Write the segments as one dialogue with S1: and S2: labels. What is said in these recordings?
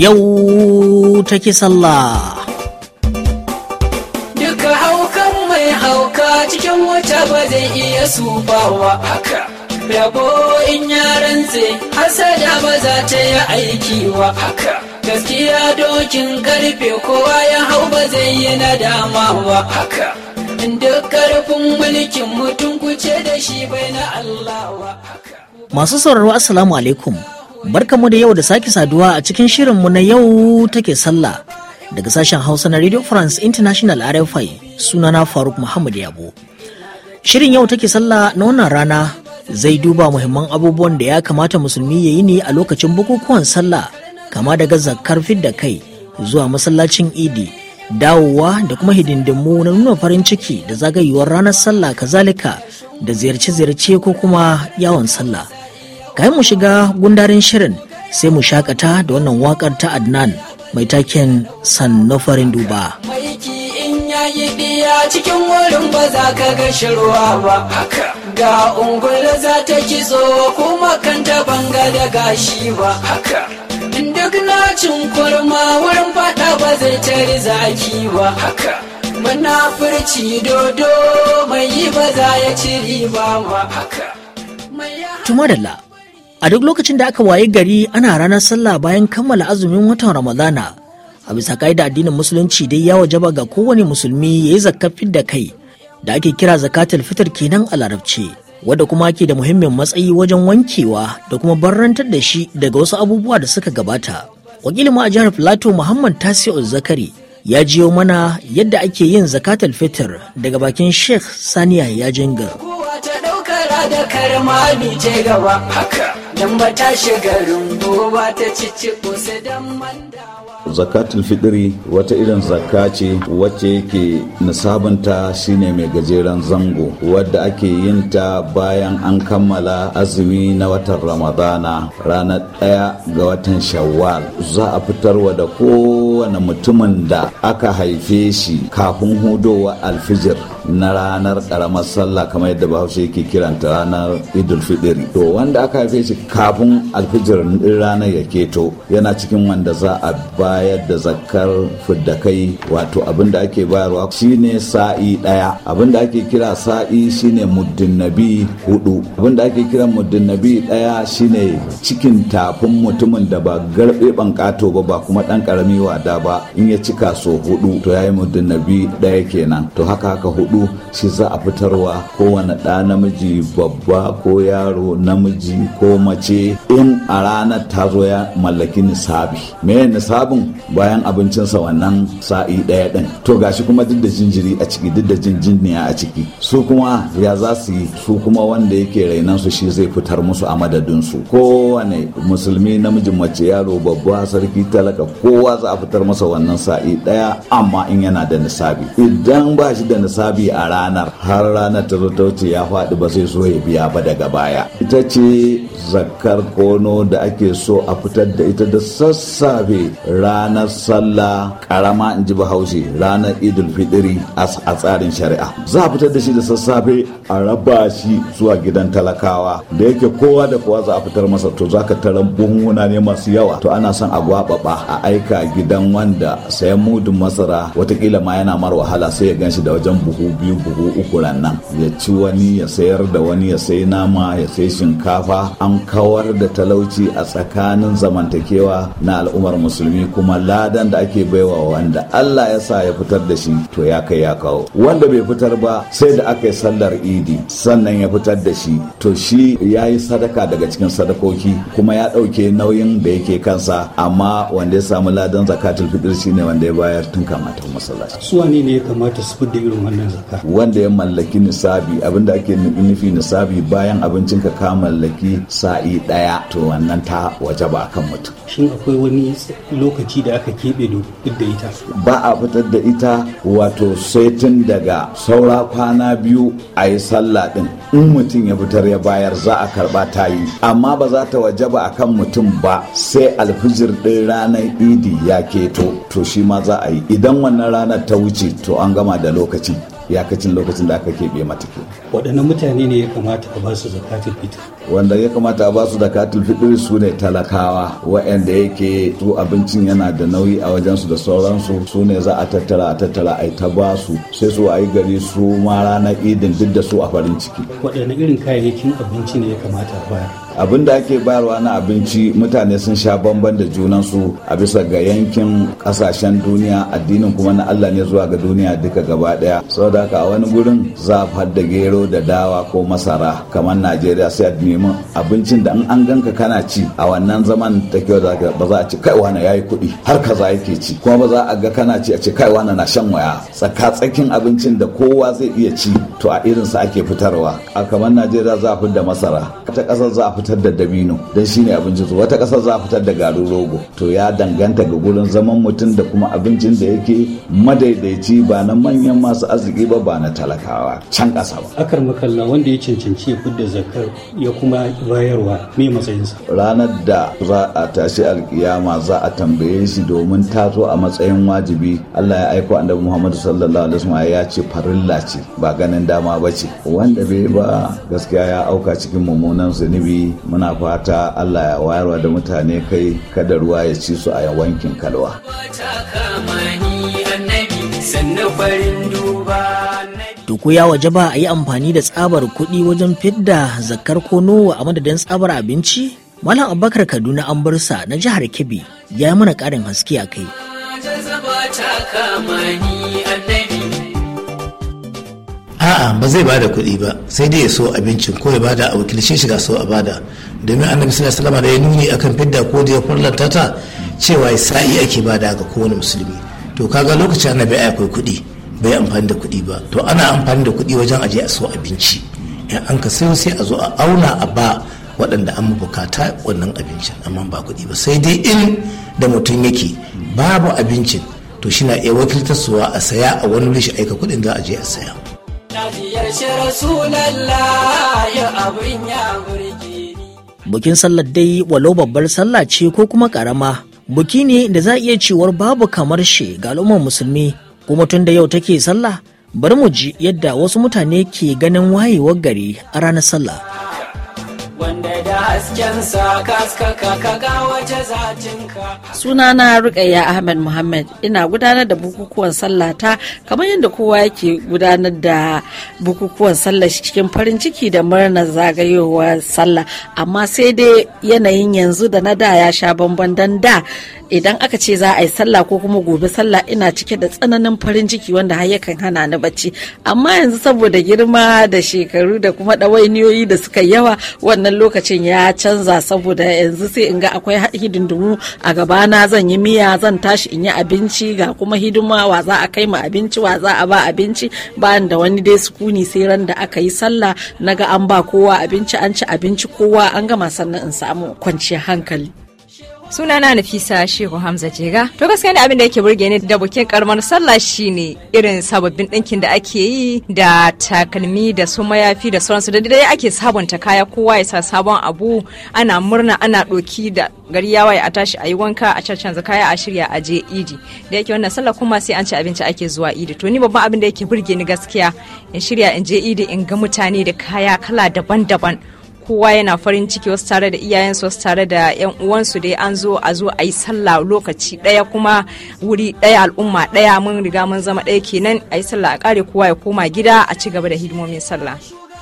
S1: yau take sallah.
S2: Duka haukan mai hauka cikin wata ba zai iya bawa haka. Rabo in yaran zai hasada ba za ta yi aiki wa haka. Gaskiya dokin karfe kowa ya hau ba zai yi nadama wa haka. Duk karfin mulkin mutum kuce da shi bai na Allah wa
S1: haka. Masu sauraro Assalamu alaikum. mu da yau da sake saduwa a cikin shirinmu na yau take sallah daga sashen Hausa na Radio France International RFI sunana Faruk Muhammad Yabo. Shirin yau take sallah na wannan rana zai duba muhimman abubuwan da ya kamata musulmi ya yi ne a lokacin bukukuwan sallah kama daga zakar fidda kai zuwa masallacin idi dawowa da kuma hidindimu na nuna farin ciki da zagayewar ranar sallah kazalika da ziyarce-ziyarce ko kuma yawon sallah. kayan mu shiga gundarin shirin sai mu shakata da wannan wakar ta adnan mai taken farin duba
S2: cikin wurin ba za ka ga shirwa ba ga ungula za ta kitso kuma kanta banga da gashi ba duk na kurma wurin faɗa ba zai tari zaki ba muna furci dodo mai yi ba za ya ci riba ba
S1: Tumadala a duk lokacin da aka waye gari ana ranar sallah bayan kammala azumin watan ramadana a bisa ka'ida addinin musulunci dai ya wajaba ga kowane musulmi ya yi zakafin da kai da ake kira zakatul fitr kenan a larabci wadda kuma ke da muhimmin matsayi wajen wankewa da kuma barrantar da shi daga wasu abubuwa da suka gabata wakilin ma a jihar plateau muhammad tasi'u zakari ya jiyo mana yadda ake yin zakatul fitr daga bakin sheikh saniya ya jinga Kowa
S2: da karma ce gaba dan
S3: zakatul fitri wata irin zakka ce wacce yake nisabanta shine mai gajeren zango wadda ake yin ta bayan an kammala azumi na watan ramadana ranar ɗaya ga watan shawwal za a fitarwa da kowane mutumin da aka haife shi kafin hudowa alfijir na ranar karamar sallah kamar yadda bahaushe yake kiranta ranar idul to wanda aka haife shi kafin alfijir ranar ya keto yana cikin wanda za a bayar da zakkar fiddakai wato abin da ake bayarwa shine sa'i daya abin da ake kira sa'i shine muddin nabi hudu abin da ake kira muddin nabi daya shine cikin tafin mutumin da ba garbe bankato ba ba kuma dan karami wada ba in ya cika so hudu to yayi muddin nabi daya kenan to haka haka hudu hudu shi za a fitarwa kowane ɗa namiji babba ko yaro namiji ko mace in a ranar ta zo ya mallaki nisabi me nisabin bayan abincinsa wannan sa'i ɗaya ɗin to gashi kuma duk da jinjiri a ciki duk da jinjiniya a ciki su kuma ya za su yi su kuma wanda yake rainan su shi zai fitar musu a madadin su kowane musulmi namijin mace yaro babba sarki talaka kowa za a fitar masa wannan sa'i ɗaya amma in yana da nisabi idan ba shi da nisabi faɗi a ranar har ranar ta zo ya faɗi ba sai so ya biya ba daga baya ita ce zakar kono da ake so a fitar da ita da sassafe ranar sallah karama in ji bahaushe ranar idul fitiri a tsarin shari'a za a fitar da shi da sassafe a raba shi zuwa gidan talakawa da yake kowa da kowa za a fitar masa to za ka taran buhuna ne masu yawa to ana son a gwababa a aika gidan wanda sayan mudun masara watakila ma yana mara wahala sai ya gan shi da wajen buhu biyu buhu uku rannan ya ci wani ya sayar da wani ya sai nama ya sai shinkafa an kawar da talauci a tsakanin zamantakewa na al'ummar musulmi kuma ladan da ake baiwa wanda Allah ya sa ya fitar da shi to ya kai ya kawo wanda bai fitar ba sai da aka yi sallar idi sannan ya fitar da shi to shi ya yi sadaka daga cikin sadakoki kuma ya ɗauke nauyin da yake kansa amma wanda ya samu ladan zakatul fitr shine wanda ya bayar tun kamata masallaci su ne ya kamata su fitar da irin wannan wanda ya mallaki nisabi abinda ake nufi nisabi bayan abincin ka mallaki sa'i daya to wannan ta waje ba kan mutum
S4: shin akwai wani lokaci da aka keɓe duk da ita ba
S3: a fitar da ita wato sai tun daga saura kwana biyu a yi sallah din in mutum ya fitar ya bayar za a karba tayi amma ba za ta waje ba akan mutum ba sai alfijir din ranar idi ya keto to shi ma za a yi idan wannan ranar ta wuce to an gama da lokaci. yakacin lokacin da aka keɓe mata ke waɗannan mutane ne ya kamata a basu zakatul fitr wanda ya kamata a basu zakatul fitr su ne talakawa waɗanda yake su abincin yana da nauyi a wajen su da sauransu su ne za a tattara a tattara a ta basu sai su ayi gari su ma ranar idin duk da su a farin ciki waɗannan irin kayayyakin abinci ne ya kamata a bayar abin da ake bayarwa na abinci mutane sun sha bamban da junansu a bisa ga yankin kasashen duniya addinin kuma na Allah ne zuwa ga duniya duka gaba daya saboda haka a wani gurin za a da gero da dawa ko masara kamar Najeriya sai a nemi abincin da in an ganka kana ci a wannan zaman ta kyau ba za a ci kai wani yayi kuɗi har kaza yake ci kuma ba za a ga kana ci a ce kai wani na shan waya tsaka tsakin abincin da kowa zai iya ci to a irin irinsa ake fitarwa a kamar Najeriya za a fitar da masara ta ƙasar za a fitar fitar da dabino don shine abincin su wata kasa za a fitar da garin rogo to ya danganta ga gurin zaman mutum da kuma abincin da yake madaidaici ba na manyan masu arziki ba ba na talakawa can kasa. ba akar makalla wanda ya cancanci ya fidda zakar ya kuma bayarwa me matsayinsa ranar da za a tashi alkiyama za a tambaye shi domin taso a matsayin wajibi Allah ya aiko annabi Muhammad sallallahu alaihi wasallam ya ce farilla ce ba ganin dama ba ce wanda bai ba gaskiya ya auka cikin mummunan zunubi muna fata allah ya wayarwa da mutane kai kada ruwa ya ci su a yawankin kalwa
S1: to ya waje ba a yi amfani da tsabar kuɗi wajen fidda zakar ko nowa a madadin tsabar abinci malam abubakar kaduna an bar na jihar kebbi ya yi mana ƙarin haske a kai
S4: a'a ba zai bada kuɗi ba sai dai ya so abincin ko ya bada a wakilcin shiga so a bada domin annabi sallallahu alaihi da ya nuni akan fidda ko da ya farlanta ta cewa sa'i ake bada ga kowane musulmi to kaga lokacin annabi ai akwai kuɗi bai amfani da kuɗi ba to ana amfani da kuɗi wajen aje a so abinci in an ka sayo sai a zo a auna a ba waɗanda an bukata wannan abincin amma ba kuɗi ba sai dai in da mutum yake babu abincin to shi na iya wakiltar suwa a saya a
S1: wani wuri shi aika kuɗin za a je a saya Bukin sallar dai walau babbar sallah ce ko kuma karama, buki ne da za a iya cewar babu kamar shi ga al'ummar musulmi, kuma tun da yau take sallah, bari mu ji yadda wasu mutane ke ganin wayewar gari a ranar sallah.
S2: wanda da haskensa kaskaka waje
S5: Sunana Rukayya Ahmed Muhammad ina gudanar da bukukuwan sallah ta kamar yadda kowa yake gudanar da bukukuwan sallah cikin farin ciki da murnar zagayowar sallah amma sai dai yanayin yanzu da na da ya sha bamban dan da idan aka ce za a yi sallah ko kuma gobe sallah ina cike da tsananin farin ciki wanda har yakan hana ni bacci amma yanzu saboda girma da shekaru da kuma ɗawainiyoyi da suka yawa wannan wannan lokacin ya canza saboda yanzu sai in ga akwai hidindimu a gabana zan yi miya zan tashi in yi abinci ga kuma hidima wa za a kai ma abinci wa za a ba abinci bayan da wani dai sukuni sai ran da aka yi sallah na ga an ba kowa
S6: abinci an ci abinci kowa an gama sannan in samu kwanciyar hankali sunana nafisa shehu hamza jega to gaskiya ne abin da yake burge ni da bukin karamar sallah shine irin sababbin ɗinkin da ake yi da takalmi da su mayafi da sauransu da dai ake sabunta kaya kowa ya sa sabon abu ana murna ana ɗoki da gari ya waye a tashi a yi wanka a canza kaya a shirya a je idi da yake wannan sallah kuma sai an ci abinci ake zuwa idi to ni babban abin da yake burge ni gaskiya in shirya in je idi in ga mutane da kaya kala daban-daban kowa yana farin ciki wasu tare da iyayensu wasu tare da yan uwansu dai an zo a zo a yi sallah lokaci daya kuma wuri daya al'umma daya mun riga mun zama daya kenan a yi sallah a kare kowa ya koma gida a ci gaba da hidimomin sallah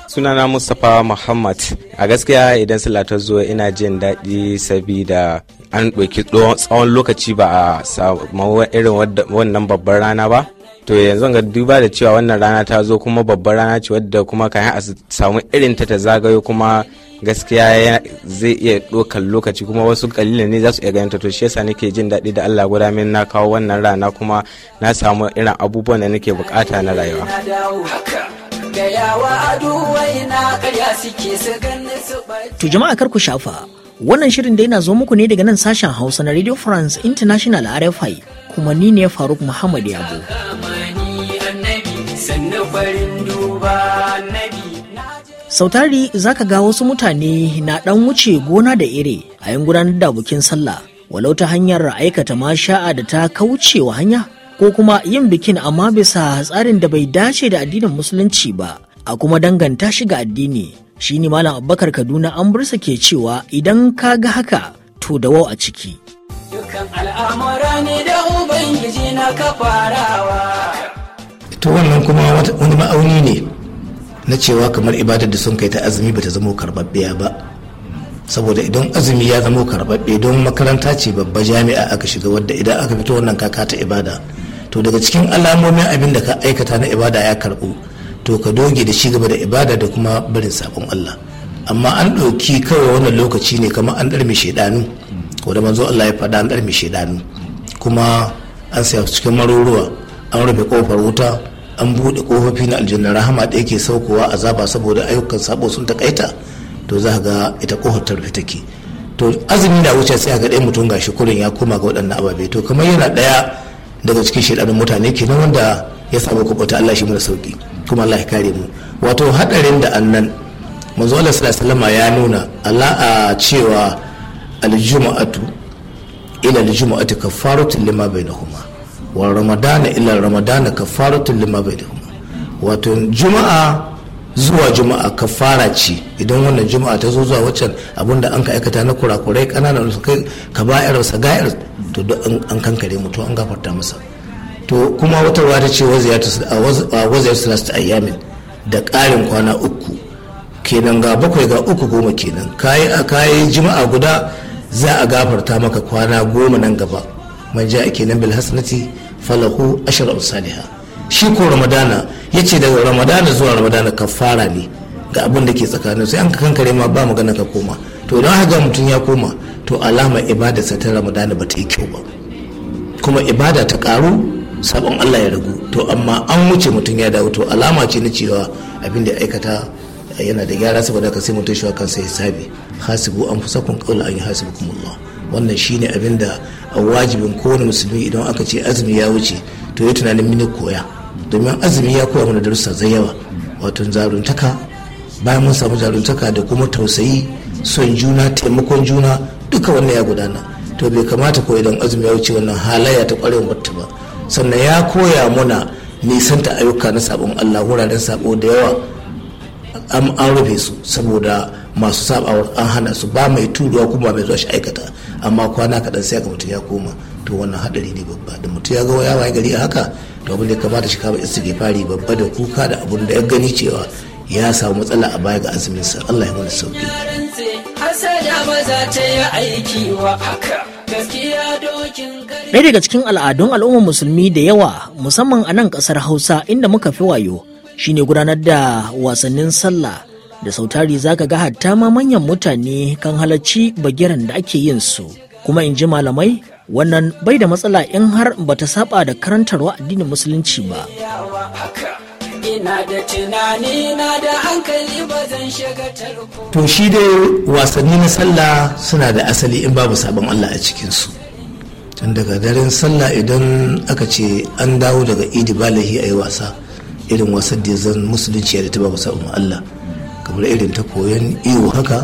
S4: sunana mustapha muhammad a gaskiya idan sallah ta zo ina jin daɗi sabida an ɗauki tsawon lokaci ba a samu irin wannan babban rana ba to yanzu ga duba da cewa wannan rana ta zo kuma babbar rana ce wadda kuma kayan a samu irin ta ta zagayo kuma gaskiya zai iya ɗaukar lokaci kuma wasu kalilan ne za su iya ganin ta to shi yasa nake jin daɗi da Allah guda min na kawo wannan rana kuma na samu irin abubuwan da nake
S1: bukata na rayuwa To jama'a kar ku shafa wannan shirin da yana zo muku ne daga nan sashen Hausa na Radio France International RFI kuma ni ne Faruk Muhammad Yabo. Sautari za ka ga wasu mutane na ɗan wuce gona da ire a yin gudanar da bukin sallah walau ta hanyar aikata masha'a da ta kauce wa hanya ko kuma yin bikin amma bisa tsarin da bai dace da addinin musulunci ba a kuma danganta shi ga addini shi ne malam abubakar kaduna an bursa ke cewa idan ka ga haka to da wau a ciki
S2: al'amura ne da ubangiji na ka farawa
S4: to wannan kuma wani ma'auni ne na cewa kamar ibadar da sun kai ta azumi bata zama karbabbiya ba saboda idan azumi ya zama karbabbe don makaranta ce babba jami'a aka shiga wadda idan aka fito wannan kaka ta ibada to daga cikin alamomin abin da ka aikata na ibada ya karbu to ka doge da shi gaba da ibada da kuma barin sabon Allah amma an ɗauki kawai wannan lokaci ne kamar an ɗarme shaidanu ko da manzo Allah ya faɗa an ɗarme shaidanu kuma an saya cikin maruruwa an rufe kofar wuta an buɗe kofofi na aljanna rahama da yake saukowa a zaba saboda ayyukan sabo sun takaita to za ga ita kofar ta rufe take to azumi na wuce sai ga ɗaya mutum gashi kurin ya koma ga waɗannan ababe to kamar yana ɗaya daga cikin shedanin mutane kenan wanda ya samu kubuta Allah shi mana sauki kuma Allah ya kare mu wato haɗarin da annan manzo Allah sallallahu alaihi ya nuna Allah a cewa aljuma'atu ila aljuma'ati kafaratu lima bainahuma wa ramadana ila ramadana kafaratun lima bainakum wato juma'a zuwa juma'a kafara ce idan wannan juma'a ta zo zuwa waccan abinda an ka aikata na kurakurai kananan su kai ka ba'ir sa ga'ir to duk an kankare mu to an gafarta masa to kuma wata ruwa ta ce wazayar su ayyamin da karin kwana uku kenan ga bakwai ga uku goma kenan kayi a kayi juma'a guda za a gafarta maka kwana goma nan gaba man ake nan bil hasanati falahu ashra amsalha shi ko ramadana yace daga ramadana zuwa ramadana kafara ne ga abin da ke tsakanin sai an ka kankare ma ba magana ka koma to don haka mutum ya koma to alama ibada sa ta ramadana ba ta yi kyau ba kuma ibada ta karu sabon Allah ya ragu to amma an wuce mutum ya dawo to alama ce na cewa abin da aikata yana da gyara saboda ka sai mutum shi kansa hisabi hasibu an fusa kun an yi hasibu kuma Allah wannan shine abin da A wajibin kowane musulmi idan aka ce azumi ya wuce to yi tunanin mini koya domin azumi ya koya mana darussa zai yawa wato zaruntaka bayan mun samu zaruntaka da kuma tausayi son juna taimakon juna duka wannan ya gudana to bai kamata ko idan azumi ya wuce wannan halayya ta kwarewa wata ba sannan ya koya muna nisanta ayyuka na sabon Allah wuraren sabo da yawa an rufe su saboda masu sabawar an hana su ba mai turuwa kuma mai zuwa shi aikata amma kwana kaɗan sai ga mutum ya koma to wannan haɗari ne babba da mutum ya ga ya waye gari a haka to abin da ya kamata shi kama fari babba da kuka da abun da ya gani cewa ya samu matsala a baya ga azumin sa Allah ya
S1: mana sauki Ɗaya daga cikin al'adun al'ummar musulmi da yawa musamman a nan ƙasar Hausa inda muka fi wayo shine gudanar da wasannin sallah da sautari za ka ga hatta ma manyan mutane kan halarci bagiran da ake yin su kuma in ji malamai wannan bai da matsala in har ba ta saba da karantarwa addinin musulunci ba
S4: to shi dai wasanni na sallah suna da asali in babu sabon allah a cikinsu tun daga daren sallah idan aka ce an dawo daga idi balahi a yi wasa irin wasan da zan musulunci ya da ta babu sabon allah kamar irin ta koyon iyo haka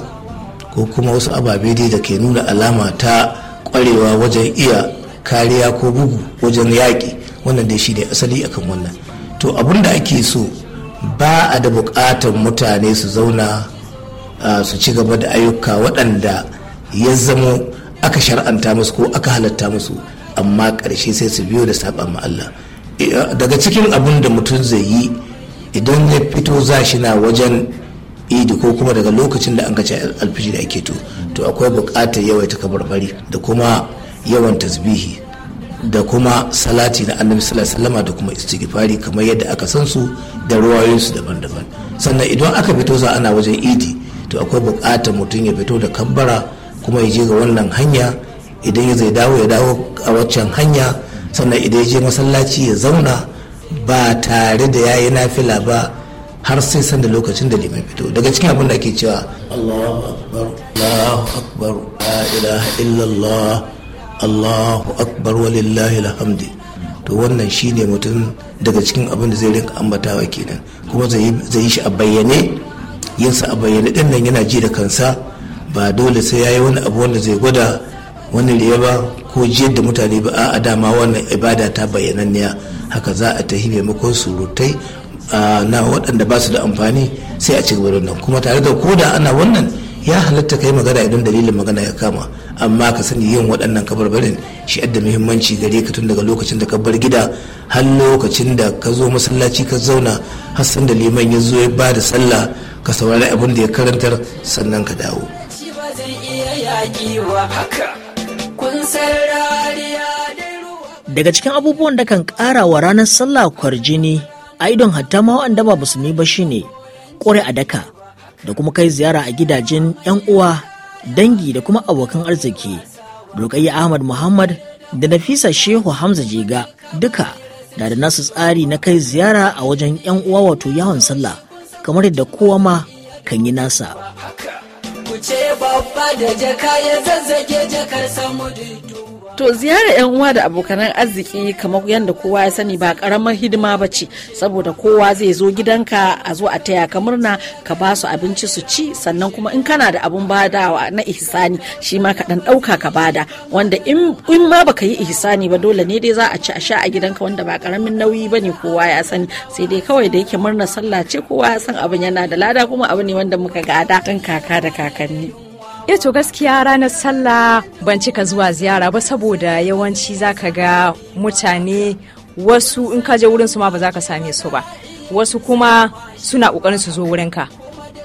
S4: ko kuma wasu ababe dai da ke nuna alama ta kwarewa wajen iya kariya ko bugu wajen yaƙi wannan dai shi ne asali akan wannan to abun da ake so ba a da buƙatar mutane su zauna su ci gaba da ayyuka waɗanda ya zamo aka shar'anta musu ko aka halatta musu amma ƙarshe sai su biyo da saba ma Allah eh, daga cikin abin da mutum zai yi idan ya fito za shi na wajen idi ko kuma daga lokacin da an kaci alfijir ake to to akwai buƙatar yawaita kabarbari da kuma yawan tasbihi da kuma salati na annabi sallallahu da kuma istighfari kamar yadda aka san su da ruwayoyin su daban-daban sannan idan aka fito za ana wajen idi to akwai buƙatar mutum ya fito da kabbara kuma ya je ga wannan hanya idan ya zai dawo ya dawo a waccan hanya sannan idan ya je masallaci ya zauna ba tare da ya nafila ba har sai san da lokacin da liman fito daga cikin abin da ake cewa Allahu akbar Allahu akbar la ilaha illallah Allahu akbar walillahi alhamdi to wannan shine mutum daga cikin abin da zai rinka ambatawa kenan kuma zai yi shi a bayyane yin a bayyane din nan yana ji da kansa ba dole sai yayi wani abu wanda zai gwada wani riya ba ko jiyar da mutane ba a dama wannan ibada ta bayyananniya haka za a tahi maimakon surutai na waɗanda ba su da amfani sai a ci gaba da nan kuma tare da ko da ana wannan ya halatta kai magana idan dalilin magana ya kama amma ka sani yin waɗannan kabarbarin shi da muhimmanci gare ka tun daga lokacin da ka bar gida har lokacin da ka zo masallaci ka zauna har san da liman ya zo ya ba da sallah ka saurari abin da ya karantar
S1: sannan ka dawo daga cikin abubuwan da kan ƙara wa ranar sallah kwarjini a idon hatta ma wa'anda ba musulmi ba shi ne, ƙure a daka da kuma kai ziyara a gidajen 'yan uwa dangi da kuma abokan arziki rukayya ahmad muhammad da nafisa shehu hamza jega duka da da nasu tsari na kai ziyara a wajen 'yan uwa wato yawon sallah kamar yadda kowa ma kan yi nasa.
S2: Kuce babba da jaka ya zazzage jakar samu
S5: To ziyarar 'yan uwa da abokanan arziki kamar yadda kowa ya sani ba karamar hidima ba ce saboda kowa zai zo gidanka a zo a taya ka murna ka ba su abinci su ci sannan kuma in kana da abun badawa na ihsani shi ma ka dan dauka ka bada wanda in ma baka yi ihsani ba dole ne dai za a ci a sha a gidanka wanda ba karamin nauyi ba ne kowa ya sani sai dai kawai da yake murnar sallah ce kowa ya san abin yana da lada kuma abu ne wanda muka gada tun kaka da kakanni.
S6: eh to gaskiya ranar sallah ban cika zuwa ziyara ba saboda yawanci zaka ga mutane wasu in ka je wurin su ma ba za ka same su ba wasu kuma suna ƙoƙarin su zo wurinka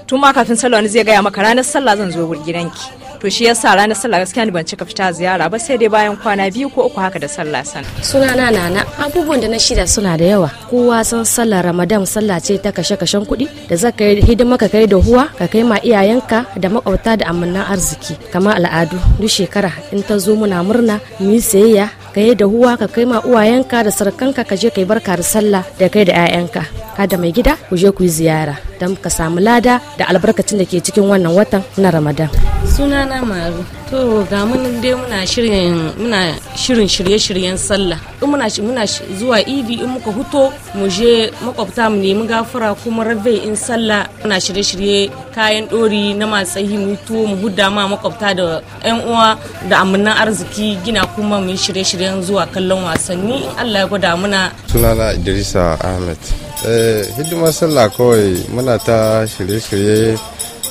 S6: tun ma kafin sallah wani zai gaya maka ranar sallah zan zo gidanki to shi yasa ranar sallah gaskiya ni ban cika fita ziyara ba sai dai bayan kwana biyu ko uku haka da sallah san sunana nana
S5: abubuwan da na shida suna da yawa kowa san sallar ramadan sallah ce ta kashe kashen kuɗi da za ka yi hidima ka kai da huwa ka kai ma iyayenka da makwabta da amannan arziki kamar al'adu duk shekara in ta zo muna murna mu yi sayayya ka yi dahuwa ka kai ma uwayenka da sarkanka ka je ka yi barka da sallah da kai da 'ya'yanka kada mai gida ku je ku yi ziyara don ka samu lada da albarkacin da ke cikin wannan watan na ramadan sunana maru to ga mun dai muna shirin muna shirin shirye-shiryen sallah in muna muna zuwa idi in muka huto mu je makwabta mu nemi gafara kuma rabe in sallah muna shirye-shirye kayan dori na matsayi mu tuwo mu hudda ma makwabta da yan uwa da amannan arziki gina kuma mu shirye-shiryen zuwa kallon wasanni in Allah ya gwada muna
S4: sunana Idrisa Ahmed eh hidimar sallah kawai muna ta shirye-shirye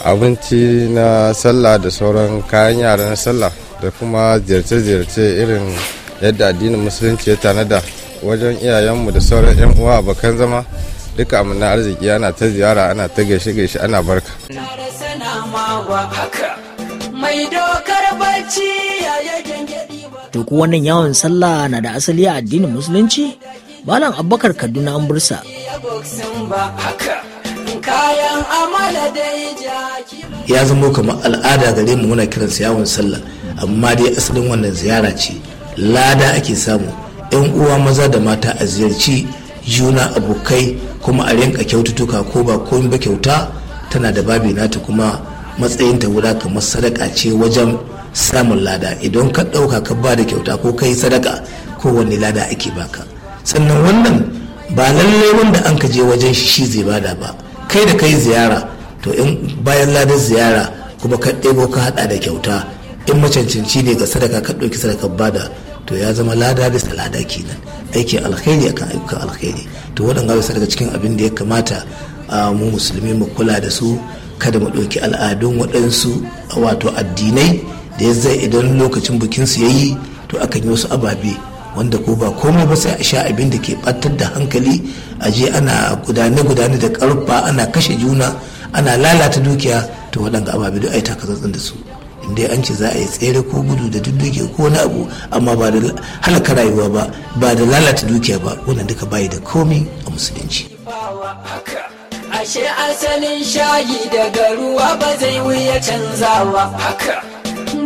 S4: abinci na sallah da sauran kayan yara na sallah da kuma ziyarce-ziyarce irin yadda addinin musulunci ya tanada wajen iyayenmu da sauran 'yan uwa abokan zama duka amina arziki ana ta ziyara ana ta gaishe-gaishe ana barka.
S1: To ku wannan yawon sallah na da asali a addinin musulunci? Malam Abubakar Kaduna an bursa.
S2: kayan amala
S4: ya zama kamar al'ada gare mu muna kiran yawon sallah amma dai asalin wannan ziyara ce lada ake samu yan uwa maza da mata a ziyarci juna abokai kuma a rinka kyaututtuka ko ba komai ba kyauta tana da babi nata kuma matsayinta guda kamar sadaka ce wajen samun lada idan ka ɗauka ka ba da kyauta ko kai sadaka ko wani lada ake baka sannan wannan ba lallai wanda an ka je wajen shi zai bada ba kai da kai ziyara to in bayan ladar ziyara kuma ka ɗebo ka haɗa da kyauta in macancanci ne ga sadaka ka ɗauki sadaka bada to ya zama lada da salada kenan aikin alkhairi akan ayyukan alkhairi to waɗanda bisa daga cikin abin da ya kamata mu musulmi mu kula da su kada mu ɗauki al'adun waɗansu wato addinai da ya zai idan lokacin bikin ya yi to akan yi wasu ababe wanda ko ba komai ba sai a sha abin da ke ɓatar da hankali a je ana gudane-gudane da karfa, ana kashe juna ana lalata dukiya to waɗanda ababe duk ai takatsantsan da su inda an ce za a yi tsere ko gudu da duk duke ko wani abu amma ba da halaka rayuwa ba ba da lalata dukiya ba wannan duka bayi da komai a musulunci
S2: ashe asalin shayi daga ruwa ba zai wuya canzawa haka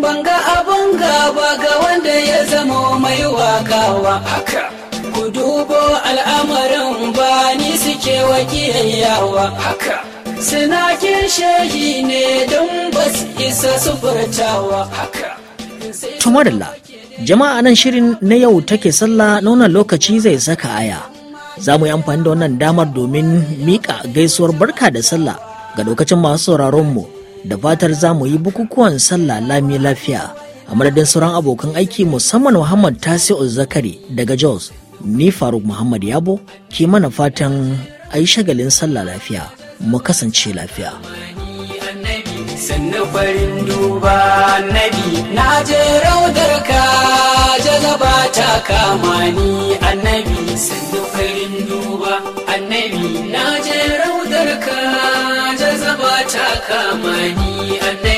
S2: banga abun gaba ga wanda ya zama mai wakawa ku dubo al'amarin ba ni suke wakiyayyawa ke shehi ne don ba su isa su furtawa
S1: tumarilla jama'a nan shirin na yau take sallah na wannan lokaci zai saka aya za mu yi amfani da wannan damar domin miƙa gaisuwar barka da sallah ga lokacin masu sauraronmu da fatar za mu yi bukukuwan sallah lami lafiya a madadin sauran abokan aiki musamman muhammad tasi'u zakari daga jos ni faruk muhammad yabo ke mana fatan a yi shagalin sallah lafiya mu kasance lafiya
S2: annabi annabi na je raudar ka ba ta kama ni